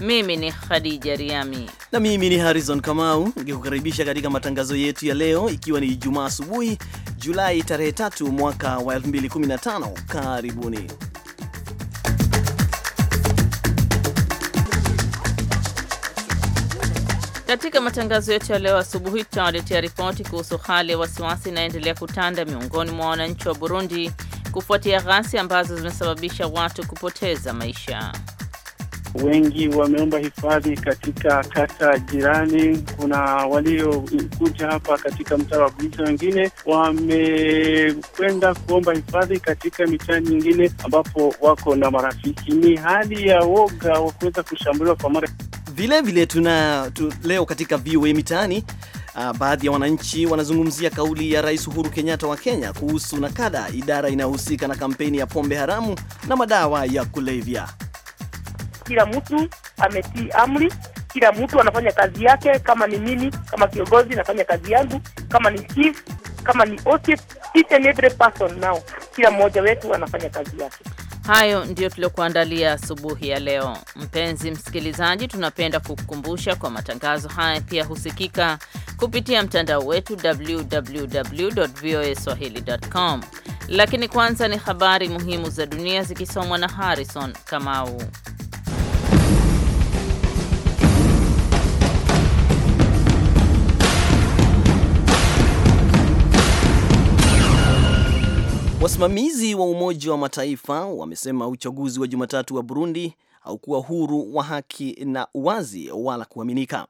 mimi ni Khadija Riami na mimi ni Harrison Kamau nikikukaribisha katika matangazo yetu ya leo, ikiwa ni Ijumaa asubuhi Julai tarehe 3 mwaka wa 2015. Karibuni. Katika matangazo yetu ya leo asubuhi tutawaletea ripoti kuhusu hali ya wasiwasi inayoendelea kutanda miongoni mwa wananchi wa Burundi kufuatia ghasia ambazo zimesababisha watu kupoteza maisha. Wengi wameomba hifadhi katika kata jirani. Kuna waliokuja hapa katika mtaa wa Buisa, wengine wamekwenda kuomba hifadhi katika mitaa nyingine ambapo wako na marafiki. Ni hali ya woga wa kuweza kushambuliwa kwa mara vilevile. Tuna tu, leo katika VOA Mitaani, ah, baadhi ya wananchi wanazungumzia kauli ya Rais Uhuru Kenyatta wa Kenya kuhusu nakada, idara inayohusika na kampeni ya pombe haramu na madawa ya kulevya kila mtu ametii amri, kila mtu anafanya kazi yake. Kama ni mimi kama kiongozi nafanya kazi yangu, kama ni chief, kama ni OCS, each and every person now, kila mmoja wetu anafanya kazi yake. Hayo ndiyo tuliokuandalia asubuhi ya leo. Mpenzi msikilizaji, tunapenda kukukumbusha kwa matangazo haya pia husikika kupitia mtandao wetu www.voaswahili.com. Lakini kwanza ni habari muhimu za dunia zikisomwa na Harrison Kamau. Wasimamizi wa Umoja wa Mataifa wamesema uchaguzi wa Jumatatu wa Burundi haukuwa huru wa haki na uwazi wala kuaminika.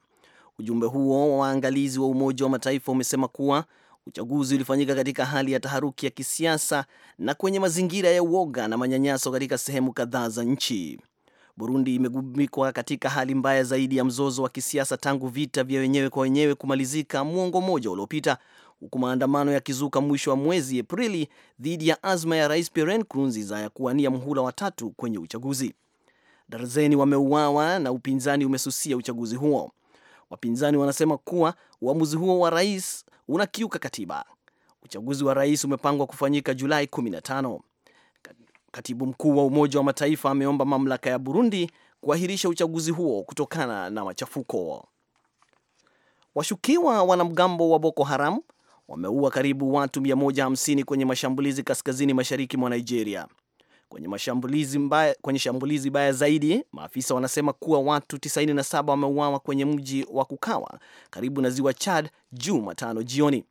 Ujumbe huo wa waangalizi wa Umoja wa Mataifa umesema kuwa uchaguzi ulifanyika katika hali ya taharuki ya kisiasa na kwenye mazingira ya uoga na manyanyaso katika sehemu kadhaa za nchi. Burundi imegubikwa katika hali mbaya zaidi ya mzozo wa kisiasa tangu vita vya wenyewe kwa wenyewe kumalizika muongo mmoja uliopita, huku maandamano yakizuka mwisho wa mwezi Aprili dhidi ya azma ya Rais Pierre Nkurunziza ya kuwania mhula watatu kwenye uchaguzi. Darzeni wameuawa na upinzani umesusia uchaguzi huo. Wapinzani wanasema kuwa uamuzi huo wa rais unakiuka katiba. Uchaguzi wa rais umepangwa kufanyika Julai 15. Katibu mkuu wa Umoja wa Mataifa ameomba mamlaka ya Burundi kuahirisha uchaguzi huo kutokana na machafuko. Washukiwa wanamgambo wa Boko Haram wameua karibu watu 150 kwenye mashambulizi kaskazini mashariki mwa Nigeria. Kwenye, mashambulizi mbaya, kwenye shambulizi baya zaidi, maafisa wanasema kuwa watu 97 wameuawa kwenye mji wa Kukawa karibu na ziwa Chad Jumatano jioni.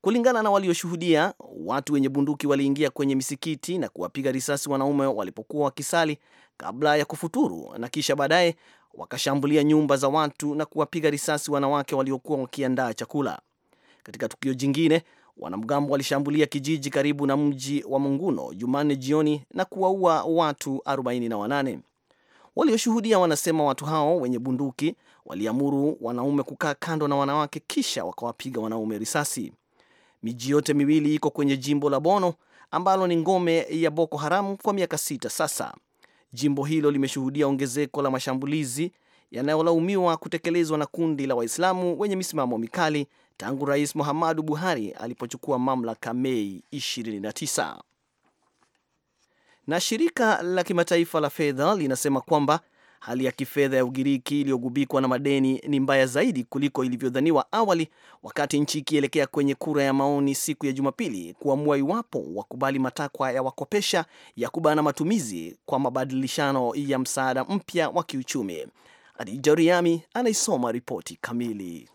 Kulingana na walioshuhudia, watu wenye bunduki waliingia kwenye misikiti na kuwapiga risasi wanaume walipokuwa wakisali kabla ya kufuturu, na kisha baadaye wakashambulia nyumba za watu na kuwapiga risasi wanawake waliokuwa wakiandaa chakula. Katika tukio jingine, wanamgambo walishambulia kijiji karibu na mji wa Munguno Jumanne jioni na kuwaua watu 48. Walioshuhudia wanasema watu hao wenye bunduki waliamuru wanaume kukaa kando na wanawake, kisha wakawapiga wanaume risasi. Miji yote miwili iko kwenye jimbo la Bono ambalo ni ngome ya Boko Haram kwa miaka sita sasa. Jimbo hilo limeshuhudia ongezeko la mashambulizi yanayolaumiwa kutekelezwa na kundi la Waislamu wenye misimamo mikali tangu Rais Muhammadu Buhari alipochukua mamlaka Mei 29. Na shirika la kimataifa la fedha linasema kwamba hali ya kifedha ya Ugiriki iliyogubikwa na madeni ni mbaya zaidi kuliko ilivyodhaniwa awali, wakati nchi ikielekea kwenye kura ya maoni siku ya Jumapili kuamua iwapo wakubali matakwa ya wakopesha ya kubana matumizi kwa mabadilishano ya msaada mpya wa kiuchumi. Adija Riami anaisoma ripoti kamili.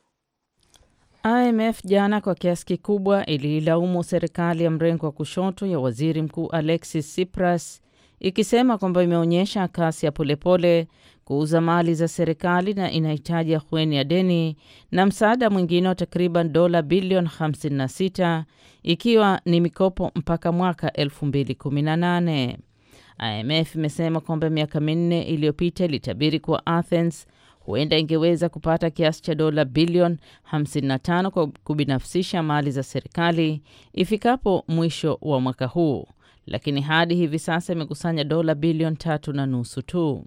IMF jana kwa kiasi kikubwa iliilaumu serikali ya mrengo wa kushoto ya waziri mkuu Alexis Tsipras ikisema kwamba imeonyesha kasi ya polepole kuuza mali za serikali na inahitaji ahueni ya deni na msaada mwingine wa takriban dola bilioni 56 ikiwa ni mikopo mpaka mwaka 2018. IMF imesema kwamba miaka minne iliyopita ilitabiri kuwa Athens huenda ingeweza kupata kiasi cha dola bilioni 55 kwa kubinafsisha mali za serikali ifikapo mwisho wa mwaka huu, lakini hadi hivi sasa imekusanya dola bilioni tatu na nusu tu.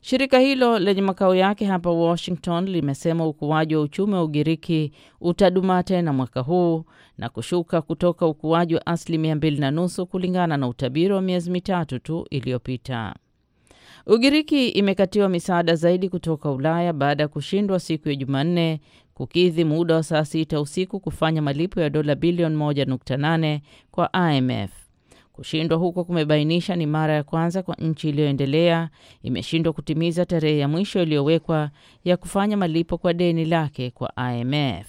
Shirika hilo lenye makao yake hapa Washington limesema ukuaji wa uchumi wa Ugiriki utadumaa tena mwaka huu na kushuka kutoka ukuaji wa asilimia mbili na nusu kulingana na utabiri wa miezi mitatu tu iliyopita. Ugiriki imekatiwa misaada zaidi kutoka Ulaya baada ya kushindwa siku ya Jumanne kukidhi muda wa saa sita usiku kufanya malipo ya dola bilioni 1.8 kwa IMF. Kushindwa huko kumebainisha ni mara ya kwanza kwa nchi iliyoendelea imeshindwa kutimiza tarehe ya mwisho iliyowekwa ya kufanya malipo kwa deni lake kwa IMF.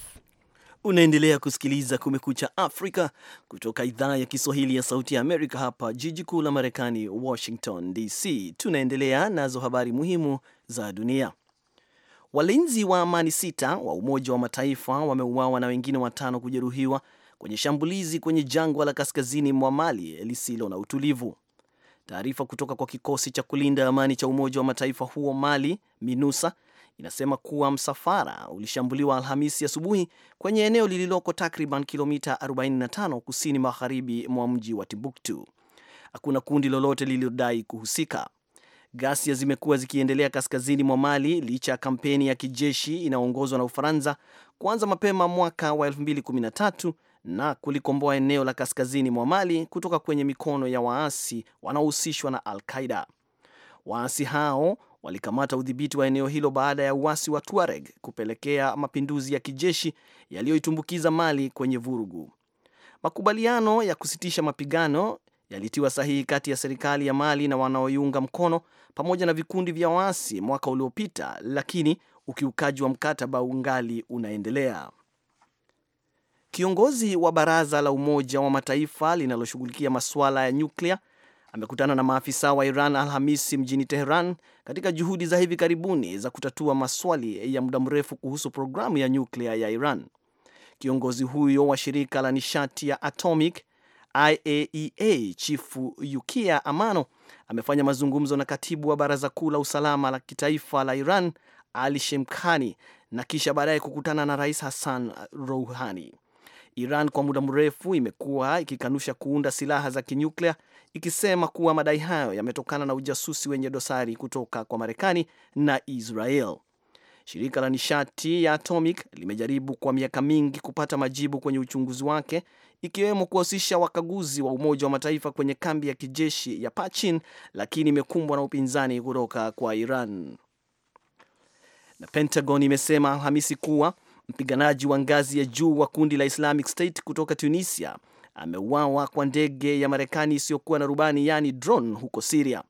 Unaendelea kusikiliza Kumekucha Afrika kutoka idhaa ya Kiswahili ya Sauti ya Amerika, hapa jiji kuu la Marekani, Washington DC. Tunaendelea nazo habari muhimu za dunia. Walinzi wa amani sita wa Umoja wa Mataifa wameuawa na wengine watano kujeruhiwa kwenye shambulizi kwenye jangwa la kaskazini mwa Mali lisilo na utulivu. Taarifa kutoka kwa kikosi cha kulinda amani cha Umoja wa Mataifa huo Mali, MINUSA, inasema kuwa msafara ulishambuliwa Alhamisi asubuhi kwenye eneo lililoko takriban kilomita 45 kusini magharibi mwa mji wa Timbuktu. Hakuna kundi lolote lililodai kuhusika. Ghasia zimekuwa zikiendelea kaskazini mwa Mali licha ya kampeni ya kijeshi inayoongozwa na Ufaransa kuanza mapema mwaka wa 2013 na kulikomboa eneo la kaskazini mwa Mali kutoka kwenye mikono ya waasi wanaohusishwa na Al Qaida. Waasi hao walikamata udhibiti wa eneo hilo baada ya uasi wa Tuareg kupelekea mapinduzi ya kijeshi yaliyoitumbukiza Mali kwenye vurugu. Makubaliano ya kusitisha mapigano yalitiwa sahihi kati ya serikali ya Mali na wanaoiunga mkono pamoja na vikundi vya waasi mwaka uliopita, lakini ukiukaji wa mkataba ungali unaendelea. Kiongozi wa baraza la Umoja wa Mataifa linaloshughulikia masuala ya nyuklia amekutana na maafisa wa Iran Alhamisi mjini Teheran katika juhudi za hivi karibuni za kutatua maswali ya muda mrefu kuhusu programu ya nyuklia ya Iran. Kiongozi huyo wa shirika la nishati ya atomic IAEA e Chifu Yukia Amano amefanya mazungumzo na katibu wa baraza kuu la usalama la kitaifa la Iran Ali Shemkhani na kisha baadaye kukutana na Rais Hassan Rouhani. Iran kwa muda mrefu imekuwa ikikanusha kuunda silaha za kinyuklia ikisema kuwa madai hayo yametokana na ujasusi wenye dosari kutoka kwa Marekani na Israel. Shirika la nishati ya Atomic limejaribu kwa miaka mingi kupata majibu kwenye uchunguzi wake ikiwemo kuhusisha wakaguzi wa Umoja wa Mataifa kwenye kambi ya kijeshi ya Pachin, lakini imekumbwa na upinzani kutoka kwa Iran. Na Pentagon imesema Alhamisi kuwa Mpiganaji wa ngazi ya juu wa kundi la Islamic State kutoka Tunisia ameuawa kwa ndege ya Marekani isiyokuwa na rubani yaani drone huko Siria.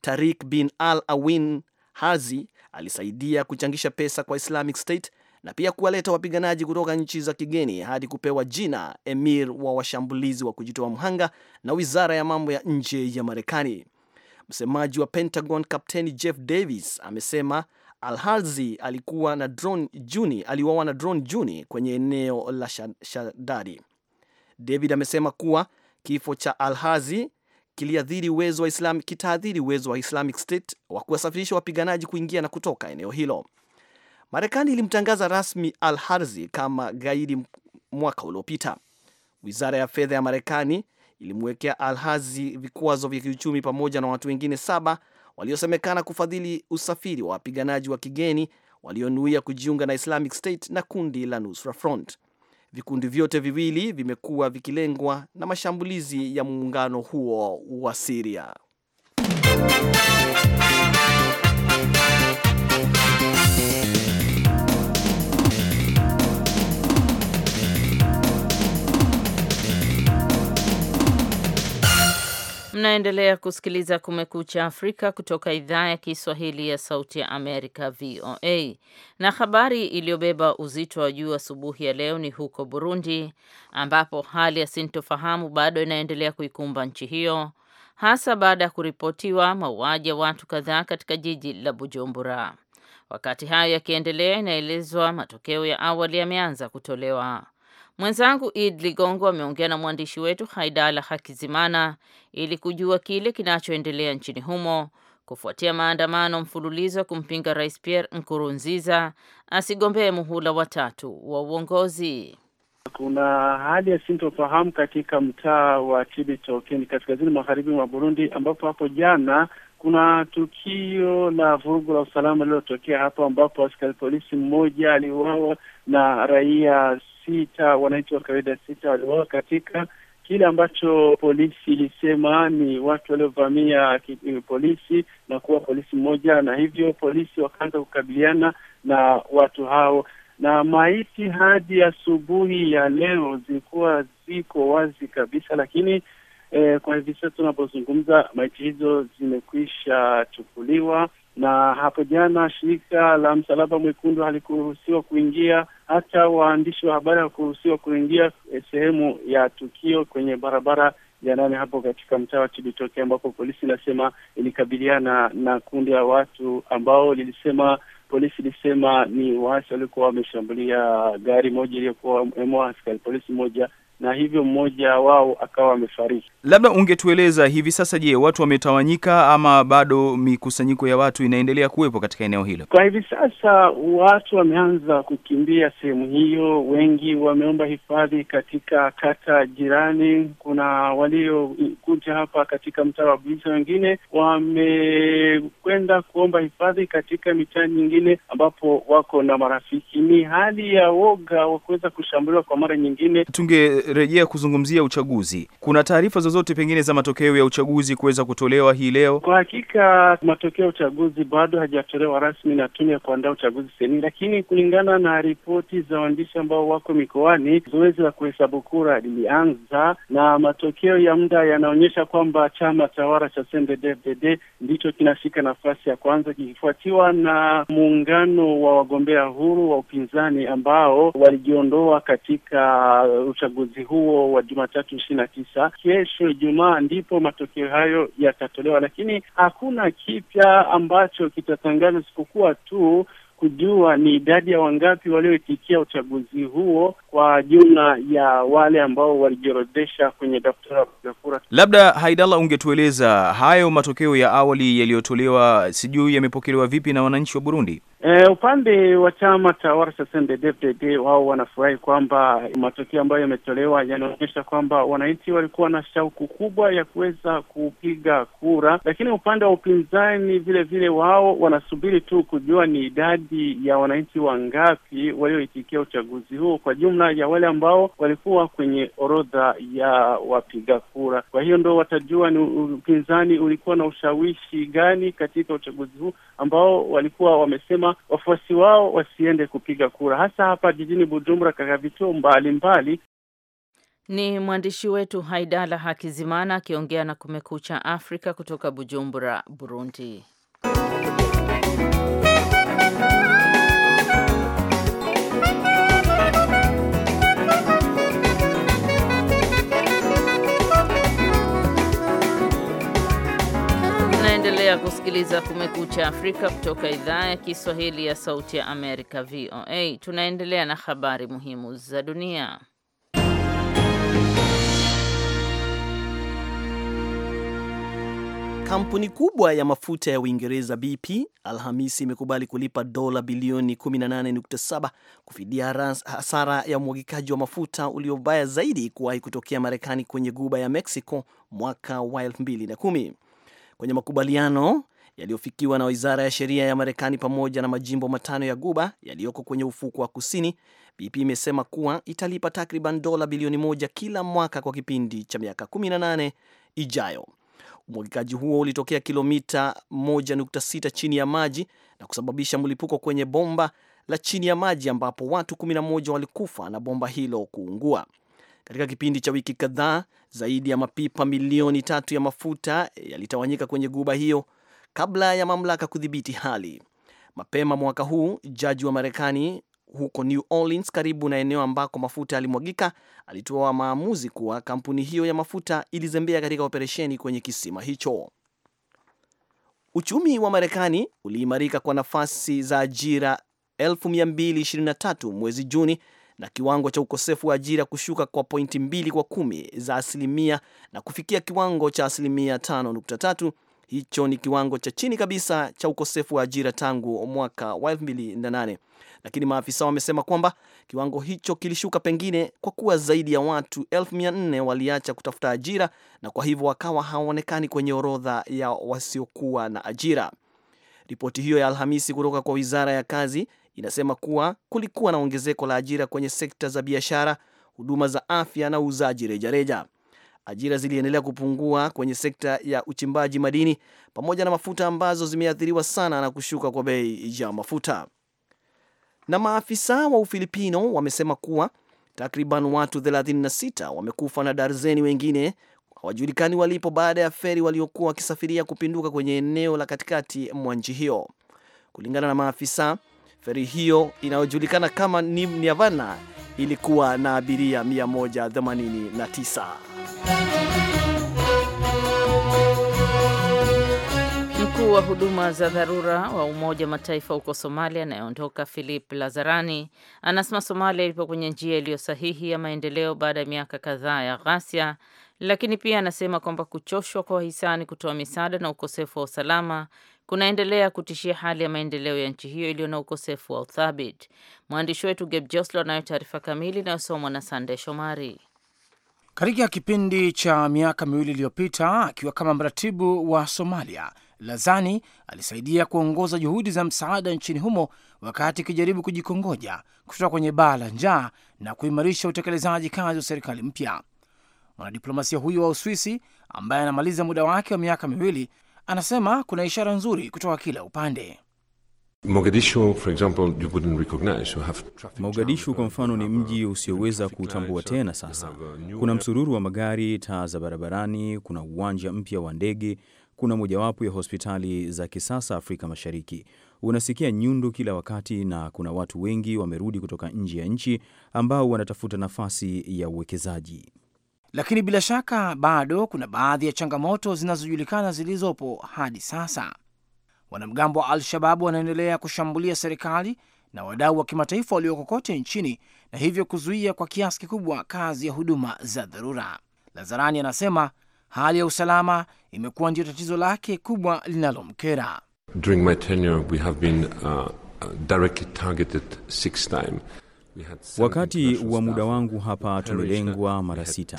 Tarik bin Al Awin Hazi alisaidia kuchangisha pesa kwa Islamic State na pia kuwaleta wapiganaji kutoka nchi za kigeni hadi kupewa jina emir wa washambulizi wa kujitoa mhanga na wizara ya mambo ya nje ya Marekani. Msemaji wa Pentagon Kapteni Jeff Davis amesema Alharzi alikuwa na drone Juni, aliuawa na drone Juni kwenye eneo la Shadadi. David amesema kuwa kifo cha Alhazi kiliathiri uwezo wa Islam, kitaadhiri uwezo wa Islamic State wa kuwasafirisha wapiganaji kuingia na kutoka eneo hilo. Marekani ilimtangaza rasmi Al-Harzi kama gaidi mwaka uliopita. Wizara ya fedha ya Marekani ilimwekea Alhazi vikwazo vya kiuchumi pamoja na watu wengine saba waliosemekana kufadhili usafiri wa wapiganaji wa kigeni walionuia kujiunga na Islamic State na kundi la Nusra Front. Vikundi vyote viwili vimekuwa vikilengwa na mashambulizi ya muungano huo wa Siria. Mnaendelea kusikiliza Kumekucha Afrika kutoka idhaa ya Kiswahili ya Sauti ya Amerika, VOA. Na habari iliyobeba uzito wa juu asubuhi ya leo ni huko Burundi, ambapo hali ya sintofahamu bado inaendelea kuikumba nchi hiyo, hasa baada ya kuripotiwa mauaji ya watu kadhaa katika jiji la Bujumbura. Wakati hayo yakiendelea, inaelezwa matokeo ya awali yameanza kutolewa. Mwenzangu Id Ligongo ameongea na mwandishi wetu Haidala Hakizimana ili kujua kile kinachoendelea nchini humo kufuatia maandamano mfululizo kumpinga Rais Pierre Nkurunziza asigombee muhula watatu wa uongozi. Kuna hali ya sintofahamu katika mtaa wa Cibitoke ni kaskazini magharibi mwa Burundi, ambapo hapo jana kuna tukio la vurugu la usalama lililotokea hapo, ambapo askari polisi mmoja aliuawa na raia sita, wananchi wa kawaida sita waliuawa katika kile ambacho polisi ilisema ni watu waliovamia polisi na kuwa polisi mmoja, na hivyo polisi wakaanza kukabiliana na watu hao, na maiti hadi asubuhi ya, ya leo zilikuwa ziko wazi kabisa, lakini eh, kwa hivi sasa tunapozungumza maiti hizo zimekwisha chukuliwa na hapo jana shirika la Msalaba Mwekundu halikuruhusiwa kuingia, hata waandishi wa habari hawakuruhusiwa kuingia eh, sehemu ya tukio kwenye barabara ya nane hapo katika mtaa wa Cibitoke, ambapo polisi inasema ilikabiliana na kundi la watu ambao lilisema polisi ilisema ni waasi waliokuwa wameshambulia gari moja iliyokuwa askari polisi moja na hivyo mmoja wao akawa amefariki. Labda ungetueleza hivi sasa, je, watu wametawanyika ama bado mikusanyiko ya watu inaendelea kuwepo katika eneo hilo? Kwa hivi sasa watu wameanza kukimbia sehemu hiyo, wengi wameomba hifadhi katika kata jirani. Kuna waliokuja hapa katika mtaa wa Bulisa, wengine wamekwenda kuomba hifadhi katika mitaa nyingine ambapo wako na marafiki. Ni hali ya woga wa kuweza kushambuliwa kwa mara nyingine. tunge tumerejea kuzungumzia uchaguzi, kuna taarifa zozote pengine za matokeo ya uchaguzi kuweza kutolewa hii leo? Kwa hakika matokeo ya uchaguzi bado hajatolewa rasmi na tume ya kuandaa uchaguzi seni, lakini kulingana na ripoti za waandishi ambao wako mikoani, zoezi la kuhesabu kura lilianza na matokeo ya muda yanaonyesha kwamba chama tawala cha CNDD-FDD ndicho kinashika nafasi ya kwanza kikifuatiwa na muungano wa wagombea huru wa upinzani ambao walijiondoa katika uchaguzi uchaguzi huo wa Jumatatu ishirini na tisa. Kesho Ijumaa ndipo matokeo hayo yatatolewa, lakini hakuna kipya ambacho kitatangazwa isipokuwa tu kujua ni idadi ya wangapi walioitikia uchaguzi huo kwa jumla ya wale ambao walijiorodhesha kwenye daftari la kupiga kura. Labda Haidala, ungetueleza hayo matokeo ya awali yaliyotolewa, sijui yamepokelewa vipi na wananchi wa Burundi? E, upande wa chama tawala CNDD-FDD wao wanafurahi kwamba matokeo ambayo yametolewa yanaonyesha kwamba wananchi walikuwa na shauku kubwa ya kuweza kupiga kura, lakini upande wa upinzani vile vile wao wanasubiri tu kujua ni idadi ya wananchi wangapi walioitikia uchaguzi huo kwa jumla ya wale ambao walikuwa kwenye orodha ya wapiga kura. Kwa hiyo ndo watajua ni upinzani ulikuwa na ushawishi gani katika uchaguzi huu ambao walikuwa wamesema wafuasi wao wasiende kupiga kura, hasa hapa jijini Bujumbura katika vituo mbalimbali. Ni mwandishi wetu Haidala Hakizimana akiongea na Kumekucha Afrika kutoka Bujumbura, Burundi. unasikiliza Kumekucha Afrika kutoka idhaa ya Kiswahili ya Sauti ya Amerika, VOA. Tunaendelea na habari muhimu za dunia. Kampuni kubwa ya mafuta ya Uingereza BP Alhamisi imekubali kulipa dola bilioni 18.7 kufidia hasara ya umwagikaji wa mafuta uliobaya zaidi kuwahi kutokea Marekani kwenye guba ya Mexico mwaka wa 2010. Kwenye makubaliano yaliyofikiwa na wizara ya sheria ya Marekani pamoja na majimbo matano ya Guba yaliyoko kwenye ufuko wa kusini. BP imesema kuwa italipa takriban dola bilioni moja kila mwaka kwa kipindi cha miaka 18 ijayo. Umwagikaji huo ulitokea kilomita 1.6 chini ya maji na kusababisha mlipuko kwenye bomba la chini ya maji ambapo watu 11 walikufa na bomba hilo kuungua. Katika kipindi cha wiki kadhaa, zaidi ya mapipa milioni tatu ya mafuta yalitawanyika kwenye guba hiyo kabla ya mamlaka kudhibiti hali. Mapema mwaka huu jaji wa Marekani huko New Orleans, karibu na eneo ambako mafuta yalimwagika, alitoa maamuzi kuwa kampuni hiyo ya mafuta ilizembea katika operesheni kwenye kisima hicho. Uchumi wa Marekani uliimarika kwa nafasi za ajira 1223 mwezi Juni na kiwango cha ukosefu wa ajira kushuka kwa pointi mbili kwa kumi za asilimia na kufikia kiwango cha asilimia 5.3 Hicho ni kiwango cha chini kabisa cha ukosefu wa ajira tangu mwaka wa 2008, lakini maafisa wamesema kwamba kiwango hicho kilishuka pengine kwa kuwa zaidi ya watu 1400 waliacha kutafuta ajira na kwa hivyo wakawa hawaonekani kwenye orodha ya wasiokuwa na ajira. Ripoti hiyo ya Alhamisi kutoka kwa Wizara ya Kazi inasema kuwa kulikuwa na ongezeko la ajira kwenye sekta za biashara, huduma za afya na uuzaji rejareja. Ajira ziliendelea kupungua kwenye sekta ya uchimbaji madini pamoja na mafuta ambazo zimeathiriwa sana na kushuka kwa bei ya mafuta. Na maafisa wa Ufilipino wamesema kuwa takriban watu 36 wamekufa na darzeni wengine hawajulikani walipo baada ya feri waliokuwa wakisafiria kupinduka kwenye eneo la katikati mwa nchi hiyo. Kulingana na maafisa, feri hiyo inayojulikana kama Nim ilikuwa na abiria 189. Mkuu wa huduma za dharura wa Umoja Mataifa huko Somalia anayeondoka Philip Lazarani anasema Somalia ilipo kwenye njia iliyo sahihi ya maendeleo baada ya miaka kadhaa ya ghasia, lakini pia anasema kwamba kuchoshwa kwa wahisani kutoa misaada na ukosefu wa usalama kunaendelea kutishia hali ya maendeleo ya nchi hiyo iliyo na ukosefu wa uthabiti. Mwandishi wetu Geb Joslo anayo taarifa kamili inayosomwa na Sande Shomari. Katika kipindi cha miaka miwili iliyopita, akiwa kama mratibu wa Somalia, Lazani alisaidia kuongoza juhudi za msaada nchini humo wakati ikijaribu kujikongoja kutoka kwenye baa la njaa na kuimarisha utekelezaji kazi wa serikali mpya. Mwanadiplomasia huyo wa Uswisi ambaye anamaliza muda wake wa miaka miwili anasema kuna ishara nzuri kutoka kila upande. Mogadishu, for example, you wouldn't recognize. You have traffic Mogadishu kwa mfano ni mji usioweza kutambua tena sasa. Uh, kuna msururu wa magari, taa za barabarani, kuna uwanja mpya wa ndege, kuna mojawapo ya hospitali za kisasa Afrika Mashariki. Unasikia nyundo kila wakati na kuna watu wengi wamerudi kutoka nje ya nchi ambao wanatafuta nafasi ya uwekezaji. Lakini bila shaka bado kuna baadhi ya changamoto zinazojulikana zilizopo hadi sasa. Wanamgambo wa Al-Shababu wanaendelea kushambulia serikali na wadau wa kimataifa walioko kote nchini na hivyo kuzuia kwa kiasi kikubwa kazi ya huduma za dharura. Lazarani anasema hali ya usalama imekuwa ndio tatizo lake kubwa linalomkera. During my tenure we have been, uh, directly targeted six times. Wakati wa muda wangu hapa tumelengwa mara sita.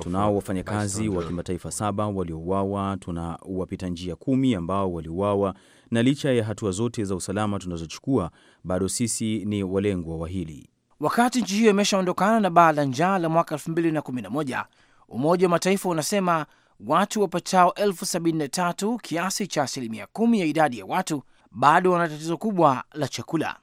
Tunao wafanyakazi wa kimataifa saba waliouawa, tuna wapita njia kumi ambao waliuawa, na licha ya hatua zote za usalama tunazochukua, bado sisi ni walengwa wa hili. Wakati nchi hiyo imeshaondokana na baa la njaa la mwaka 2011 Umoja wa Mataifa unasema watu wapatao elfu sabini na tatu, kiasi cha asilimia kumi ya idadi ya watu, bado wana tatizo kubwa la chakula.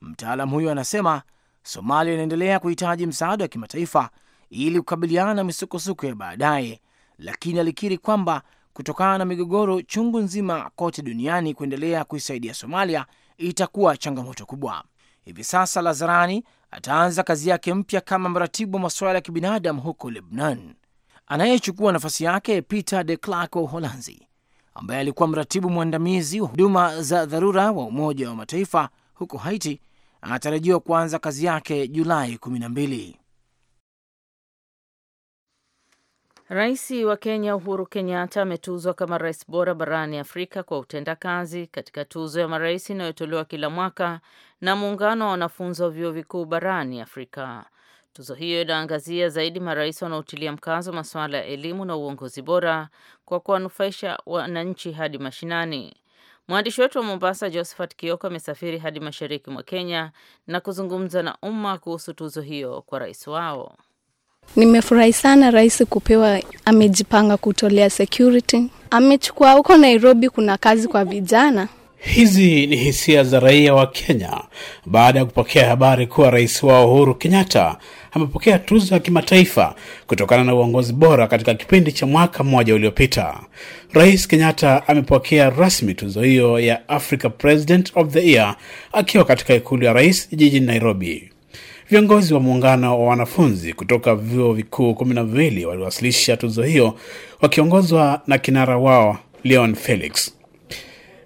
Mtaalamu huyo anasema Somalia inaendelea kuhitaji msaada wa kimataifa ili kukabiliana na misukosuko ya baadaye, lakini alikiri kwamba kutokana na migogoro chungu nzima kote duniani, kuendelea kuisaidia Somalia itakuwa changamoto kubwa. Hivi sasa Lazarani ataanza kazi yake mpya kama mratibu wa masuala ya kibinadamu huko Lebanon. Anayechukua nafasi yake Peter de Klerk wa Uholanzi, ambaye alikuwa mratibu mwandamizi wa huduma za dharura wa Umoja wa Mataifa huko Haiti anatarajiwa kuanza kazi yake Julai kumi na mbili. Rais wa Kenya Uhuru Kenyatta ametuzwa kama rais bora barani Afrika kwa utendakazi katika tuzo ya marais inayotolewa kila mwaka na muungano wa wanafunzi wa vyuo vikuu barani Afrika. Tuzo hiyo inaangazia zaidi marais wanaotilia mkazo masuala ya elimu na uongozi bora kwa kuwanufaisha wananchi hadi mashinani. Mwandishi wetu wa Mombasa, Josephat Kioko, amesafiri hadi mashariki mwa Kenya na kuzungumza na umma kuhusu tuzo hiyo kwa rais wao. Nimefurahi sana rais kupewa, amejipanga kutolea security, amechukua huko Nairobi, kuna kazi kwa vijana. Hizi ni hisia za raia wa Kenya baada ya kupokea habari kuwa rais wao Uhuru Kenyatta amepokea tuzo ya kimataifa kutokana na uongozi bora katika kipindi cha mwaka mmoja uliopita. Rais Kenyatta amepokea rasmi tuzo hiyo ya Africa President of the Year akiwa katika ikulu ya rais jijini Nairobi. Viongozi wa muungano wa wanafunzi kutoka vyuo vikuu kumi na viwili waliwasilisha tuzo hiyo wakiongozwa na kinara wao Leon Felix.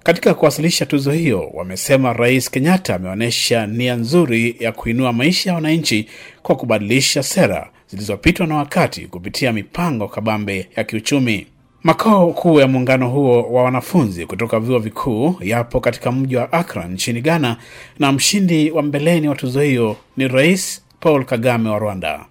Katika kuwasilisha tuzo hiyo, wamesema Rais Kenyatta ameonyesha nia nzuri ya kuinua maisha ya wananchi kwa kubadilisha sera zilizopitwa na wakati kupitia mipango kabambe ya kiuchumi. Makao kuu ya muungano huo wa wanafunzi kutoka vyuo vikuu yapo katika mji wa akra nchini Ghana, na mshindi wa mbeleni wa tuzo hiyo ni Rais Paul Kagame wa Rwanda.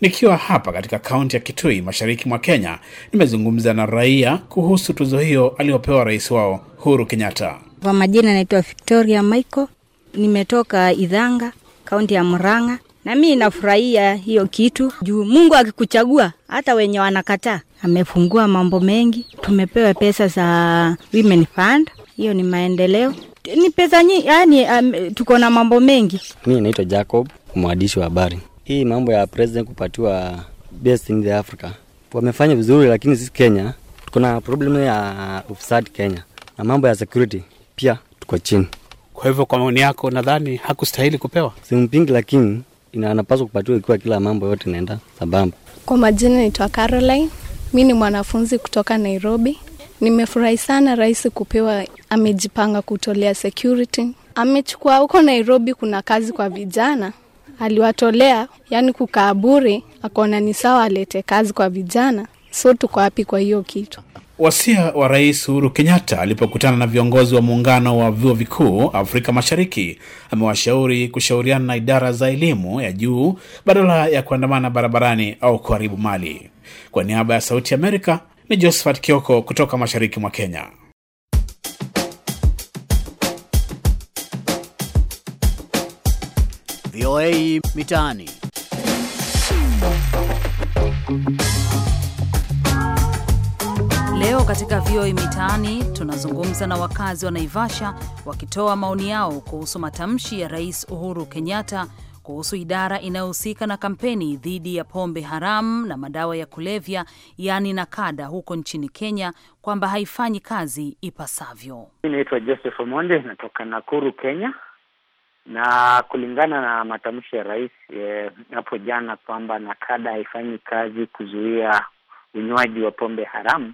Nikiwa hapa katika kaunti ya Kitui, mashariki mwa Kenya, nimezungumza na raia kuhusu tuzo hiyo aliyopewa rais wao huru Kenyatta. Kwa majina, anaitwa Victoria Michael, nimetoka Idhanga, kaunti ya mranga na mi nafurahia hiyo kitu juu Mungu akikuchagua hata wenye wanakataa amefungua mambo mengi. Tumepewa pesa za Women Fund, hiyo ni maendeleo, ni pesa nyingi yani, um, tuko na mambo mengi. Mi naitwa Jacob, mwandishi wa habari. Hii mambo ya president kupatiwa best in the Africa wamefanya vizuri, lakini sisi Kenya tuko na problem ya ufisadi Kenya na mambo ya security pia tuko chini. Kwa hivyo, kwa maoni yako, nadhani hakustahili kupewa. Simpingi, lakini anapaswa kupatiwa ikiwa kila mambo yote inaenda sababu Kwa majina naitwa Caroline, mi ni mwanafunzi kutoka Nairobi. Nimefurahi sana rais kupewa, amejipanga kutolea security, amechukua huko Nairobi, kuna kazi kwa vijana aliwatolea, yani kukaa bure, akaona ni sawa alete kazi kwa vijana, so tuko hapi kwa hiyo kitu. Wasia wa Rais Uhuru Kenyatta alipokutana na viongozi wa muungano wa vyuo vikuu Afrika Mashariki amewashauri kushauriana na idara za elimu ya juu badala ya kuandamana barabarani au kuharibu mali. Kwa niaba ya Sauti Amerika ni Josephat Kioko kutoka mashariki mwa Kenya. VOA Mitaani katika VOA Mitaani tunazungumza na wakazi wa Naivasha wakitoa maoni yao kuhusu matamshi ya Rais Uhuru Kenyatta kuhusu idara inayohusika na kampeni dhidi ya pombe haramu na madawa ya kulevya yaani NACADA huko nchini Kenya kwamba haifanyi kazi ipasavyo. Mi naitwa Joseph Omonde, natoka Nakuru, Kenya, na kulingana na matamshi ya rais eh, hapo eh, jana kwamba NACADA haifanyi kazi kuzuia unywaji wa pombe haramu,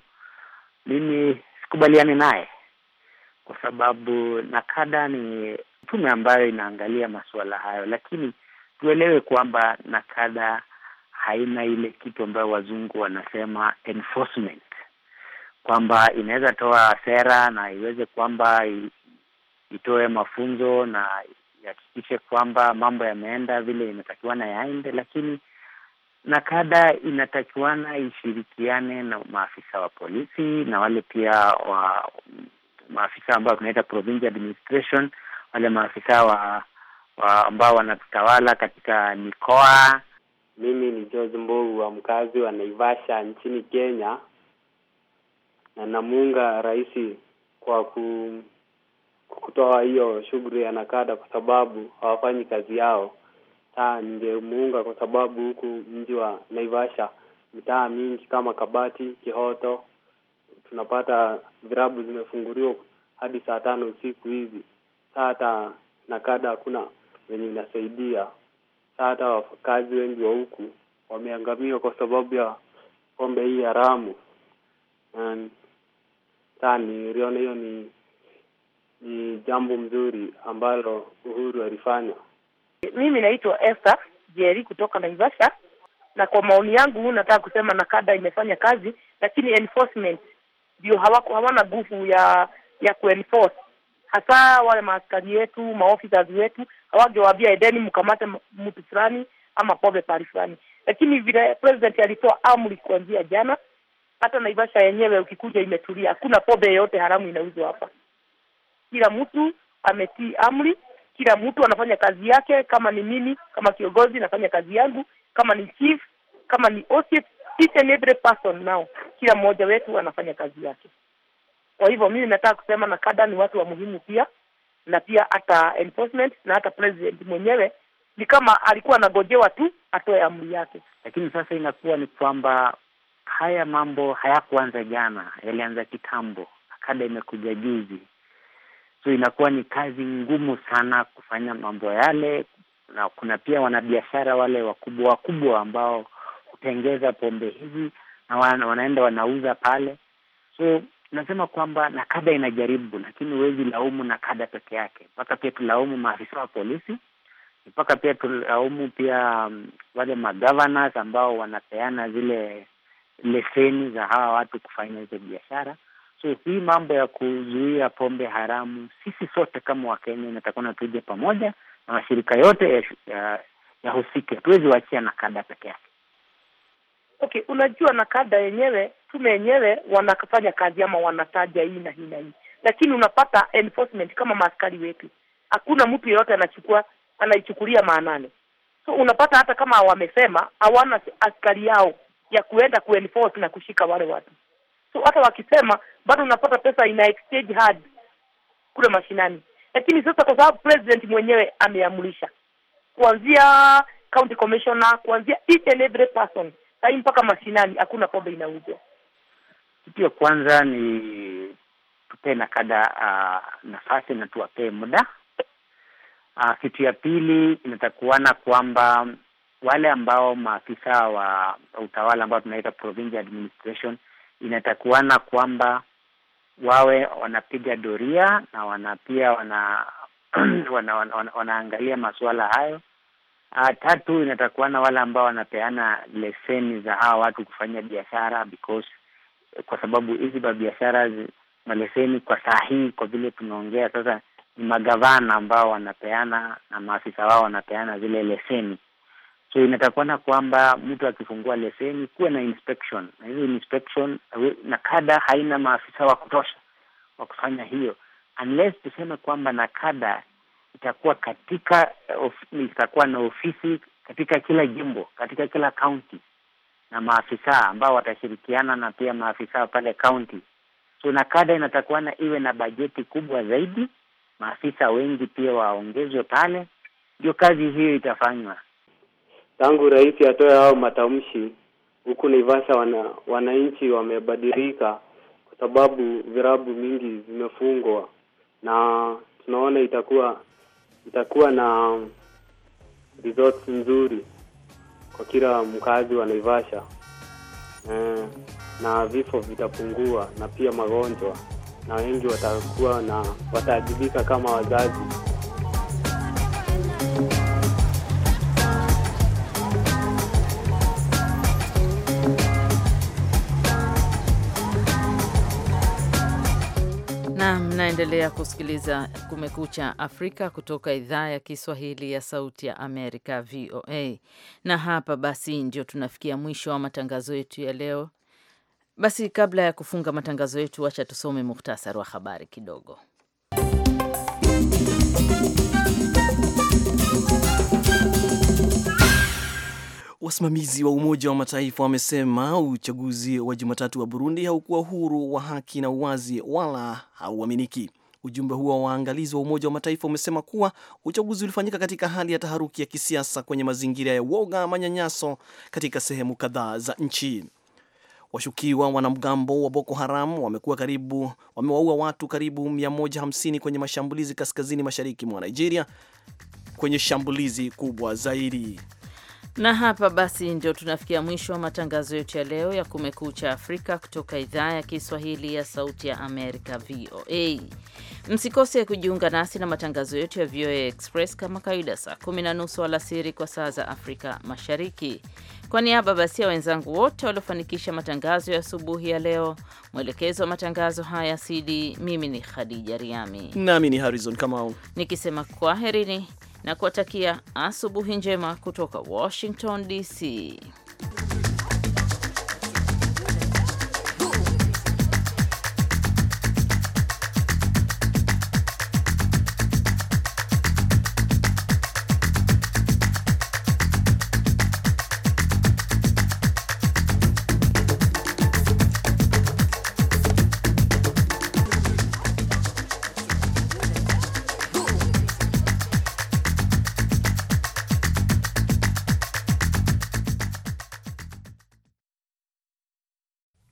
mimi sikubaliani naye kwa sababu nakada ni tume ambayo inaangalia masuala hayo, lakini tuelewe kwamba nakada haina ile kitu ambayo wazungu wanasema enforcement, kwamba inaweza toa sera na iweze kwamba itoe mafunzo na ihakikishe kwamba mambo yameenda vile inatakiwa na yaende, lakini na kada inatakiwana ishirikiane na maafisa wa polisi na wale pia wa maafisa ambao tunaita provincial administration, wale maafisa wa, wa ambao wanatutawala katika mikoa. Mimi ni George Mbogu wa mkazi wa Naivasha nchini Kenya, na namuunga rais kwa ku kutoa hiyo shughuli ya nakada kwa sababu hawafanyi kazi yao taa ningemuunga kwa sababu huku mji wa Naivasha mitaa mingi kama Kabati, Kihoto tunapata virabu zimefunguliwa hadi saa tano usiku hivi. Saa hata na kada hakuna wenye inasaidia. Saa hata wakazi wengi wa huku wameangamia kwa sababu ya pombe hii haramu. Saa niliona hiyo ni ni jambo mzuri ambalo Uhuru alifanya. Mimi naitwa Esther Jeri kutoka Naivasha, na kwa maoni yangu nataka kusema NACADA imefanya kazi, lakini enforcement ndio hawako, hawana nguvu ya ya kuenforce, hasa wale maaskari wetu, maofisa wetu hawajawaambia edeni mkamate mtu fulani ama pobe pari fulani, lakini vile president alitoa amri kuanzia jana, hata Naivasha yenyewe ukikuja imetulia, hakuna pobe yote haramu inauzwa hapa. Kila mtu ametii amri kila mtu anafanya kazi yake. Kama ni mimi kama kiongozi nafanya kazi yangu, kama ni chief, kama ni OCS, each and every person now, kila mmoja wetu anafanya kazi yake. Kwa hivyo mimi nataka kusema na kada ni watu wa muhimu pia, na pia hata enforcement na hata president mwenyewe ni kama alikuwa anagojewa tu atoe amri yake, lakini sasa inakuwa ni kwamba haya mambo hayakuanza jana, yalianza kitambo. Kada imekuja juzi so inakuwa ni kazi ngumu sana kufanya mambo yale, na kuna pia wanabiashara wale wakubwa wakubwa ambao hutengeza pombe hizi na wana, wanaenda wanauza pale. So nasema kwamba nakada inajaribu, lakini huwezi laumu nakada peke yake, mpaka pia tulaumu maafisa wa polisi, mpaka pia tulaumu pia mm, wale magavanas ambao wanapeana zile leseni za hawa watu kufanya hizo biashara. So hii mambo ya kuzuia pombe haramu, sisi sote kama Wakenya inatakana tuje pamoja na mashirika yote yahusike ya, ya tuwezi waachia na kada peke yake. Okay, unajua na kada yenyewe tume yenyewe wanafanya kazi ama wanataja hii na hii na hii, lakini unapata enforcement kama maaskari wetu, hakuna mtu yeyote anachukua anaichukulia maanani. So unapata hata kama wamesema hawana askari yao ya kuenda kuenforce na kushika wale watu so hata wakisema bado unapata pesa ina exchange hard kule mashinani. Lakini sasa kwa sababu president mwenyewe ameamrisha kuanzia county commissioner, kuanzia each and every person sai mpaka mashinani, hakuna pombe inauzwa. Kitu ya kwanza ni tupee na kada uh, nafasi na tuwapee muda uh, kitu ya pili inatakuana kwamba wale ambao maafisa wa utawala ambao tunaita provincial administration inatakuana kwamba wawe wanapiga doria na wana pia wana wana, wana, wanaangalia masuala hayo. A, ah, tatu inatakuana wale ambao wanapeana leseni za hawa watu kufanya biashara because kwa sababu hizi biashara maleseni kwa saa hii, kwa vile tunaongea sasa, ni magavana ambao wanapeana na maafisa wao wanapeana zile leseni So inatakana kwamba mtu akifungua leseni kuwe na inspection, na hiyo inspection na kada haina maafisa wa kutosha wa kufanya hiyo, unless tuseme kwamba na kada itakuwa katika of, eh, itakuwa na ofisi katika kila jimbo, katika kila kaunti na maafisa ambao watashirikiana na pia maafisa pale kaunti. So na kada inatakwana iwe na bajeti kubwa zaidi, maafisa wengi pia waongezwe pale, ndio kazi hiyo itafanywa tangu rais atoe hao matamshi huku Naivasha wana, wananchi wamebadilika kwa sababu virabu mingi zimefungwa na tunaona itakuwa itakuwa na results nzuri kwa kila mkazi wa Naivasha e, na vifo vitapungua na pia magonjwa na wengi watakuwa na wataadhibika kama wazazi. Unaendelea kusikiliza Kumekucha Afrika kutoka idhaa ya Kiswahili ya Sauti ya Amerika, VOA. Na hapa basi ndio tunafikia mwisho wa matangazo yetu ya leo. Basi kabla ya kufunga matangazo yetu, wacha tusome muhtasari wa habari kidogo. Wasimamizi wa Umoja wa Mataifa wamesema uchaguzi wa Jumatatu wa Burundi haukuwa huru wa haki na uwazi wala hauaminiki. Ujumbe huo wa waangalizi wa Umoja wa Mataifa umesema kuwa uchaguzi ulifanyika katika hali ya taharuki ya kisiasa kwenye mazingira ya woga, manyanyaso katika sehemu kadhaa za nchi. Washukiwa wanamgambo wa Boko Haram wamekuwa karibu wamewaua watu karibu 150 kwenye mashambulizi kaskazini mashariki mwa Nigeria kwenye shambulizi kubwa zaidi. Na hapa basi ndio tunafikia mwisho wa matangazo yetu ya leo ya Kumekucha Afrika kutoka idhaa ya Kiswahili ya Sauti ya Amerika, VOA. Msikose kujiunga nasi na matangazo yetu ya VOA Express kama kawaida, saa kumi na nusu alasiri kwa saa za Afrika Mashariki. Kwa niaba basi ya wenzangu wote waliofanikisha matangazo ya asubuhi ya leo, mwelekezo wa matangazo haya CD, mimi ni Khadija Riami nami ni Harrison Kamau nikisema kwaherini na kuwatakia asubuhi njema kutoka Washington DC.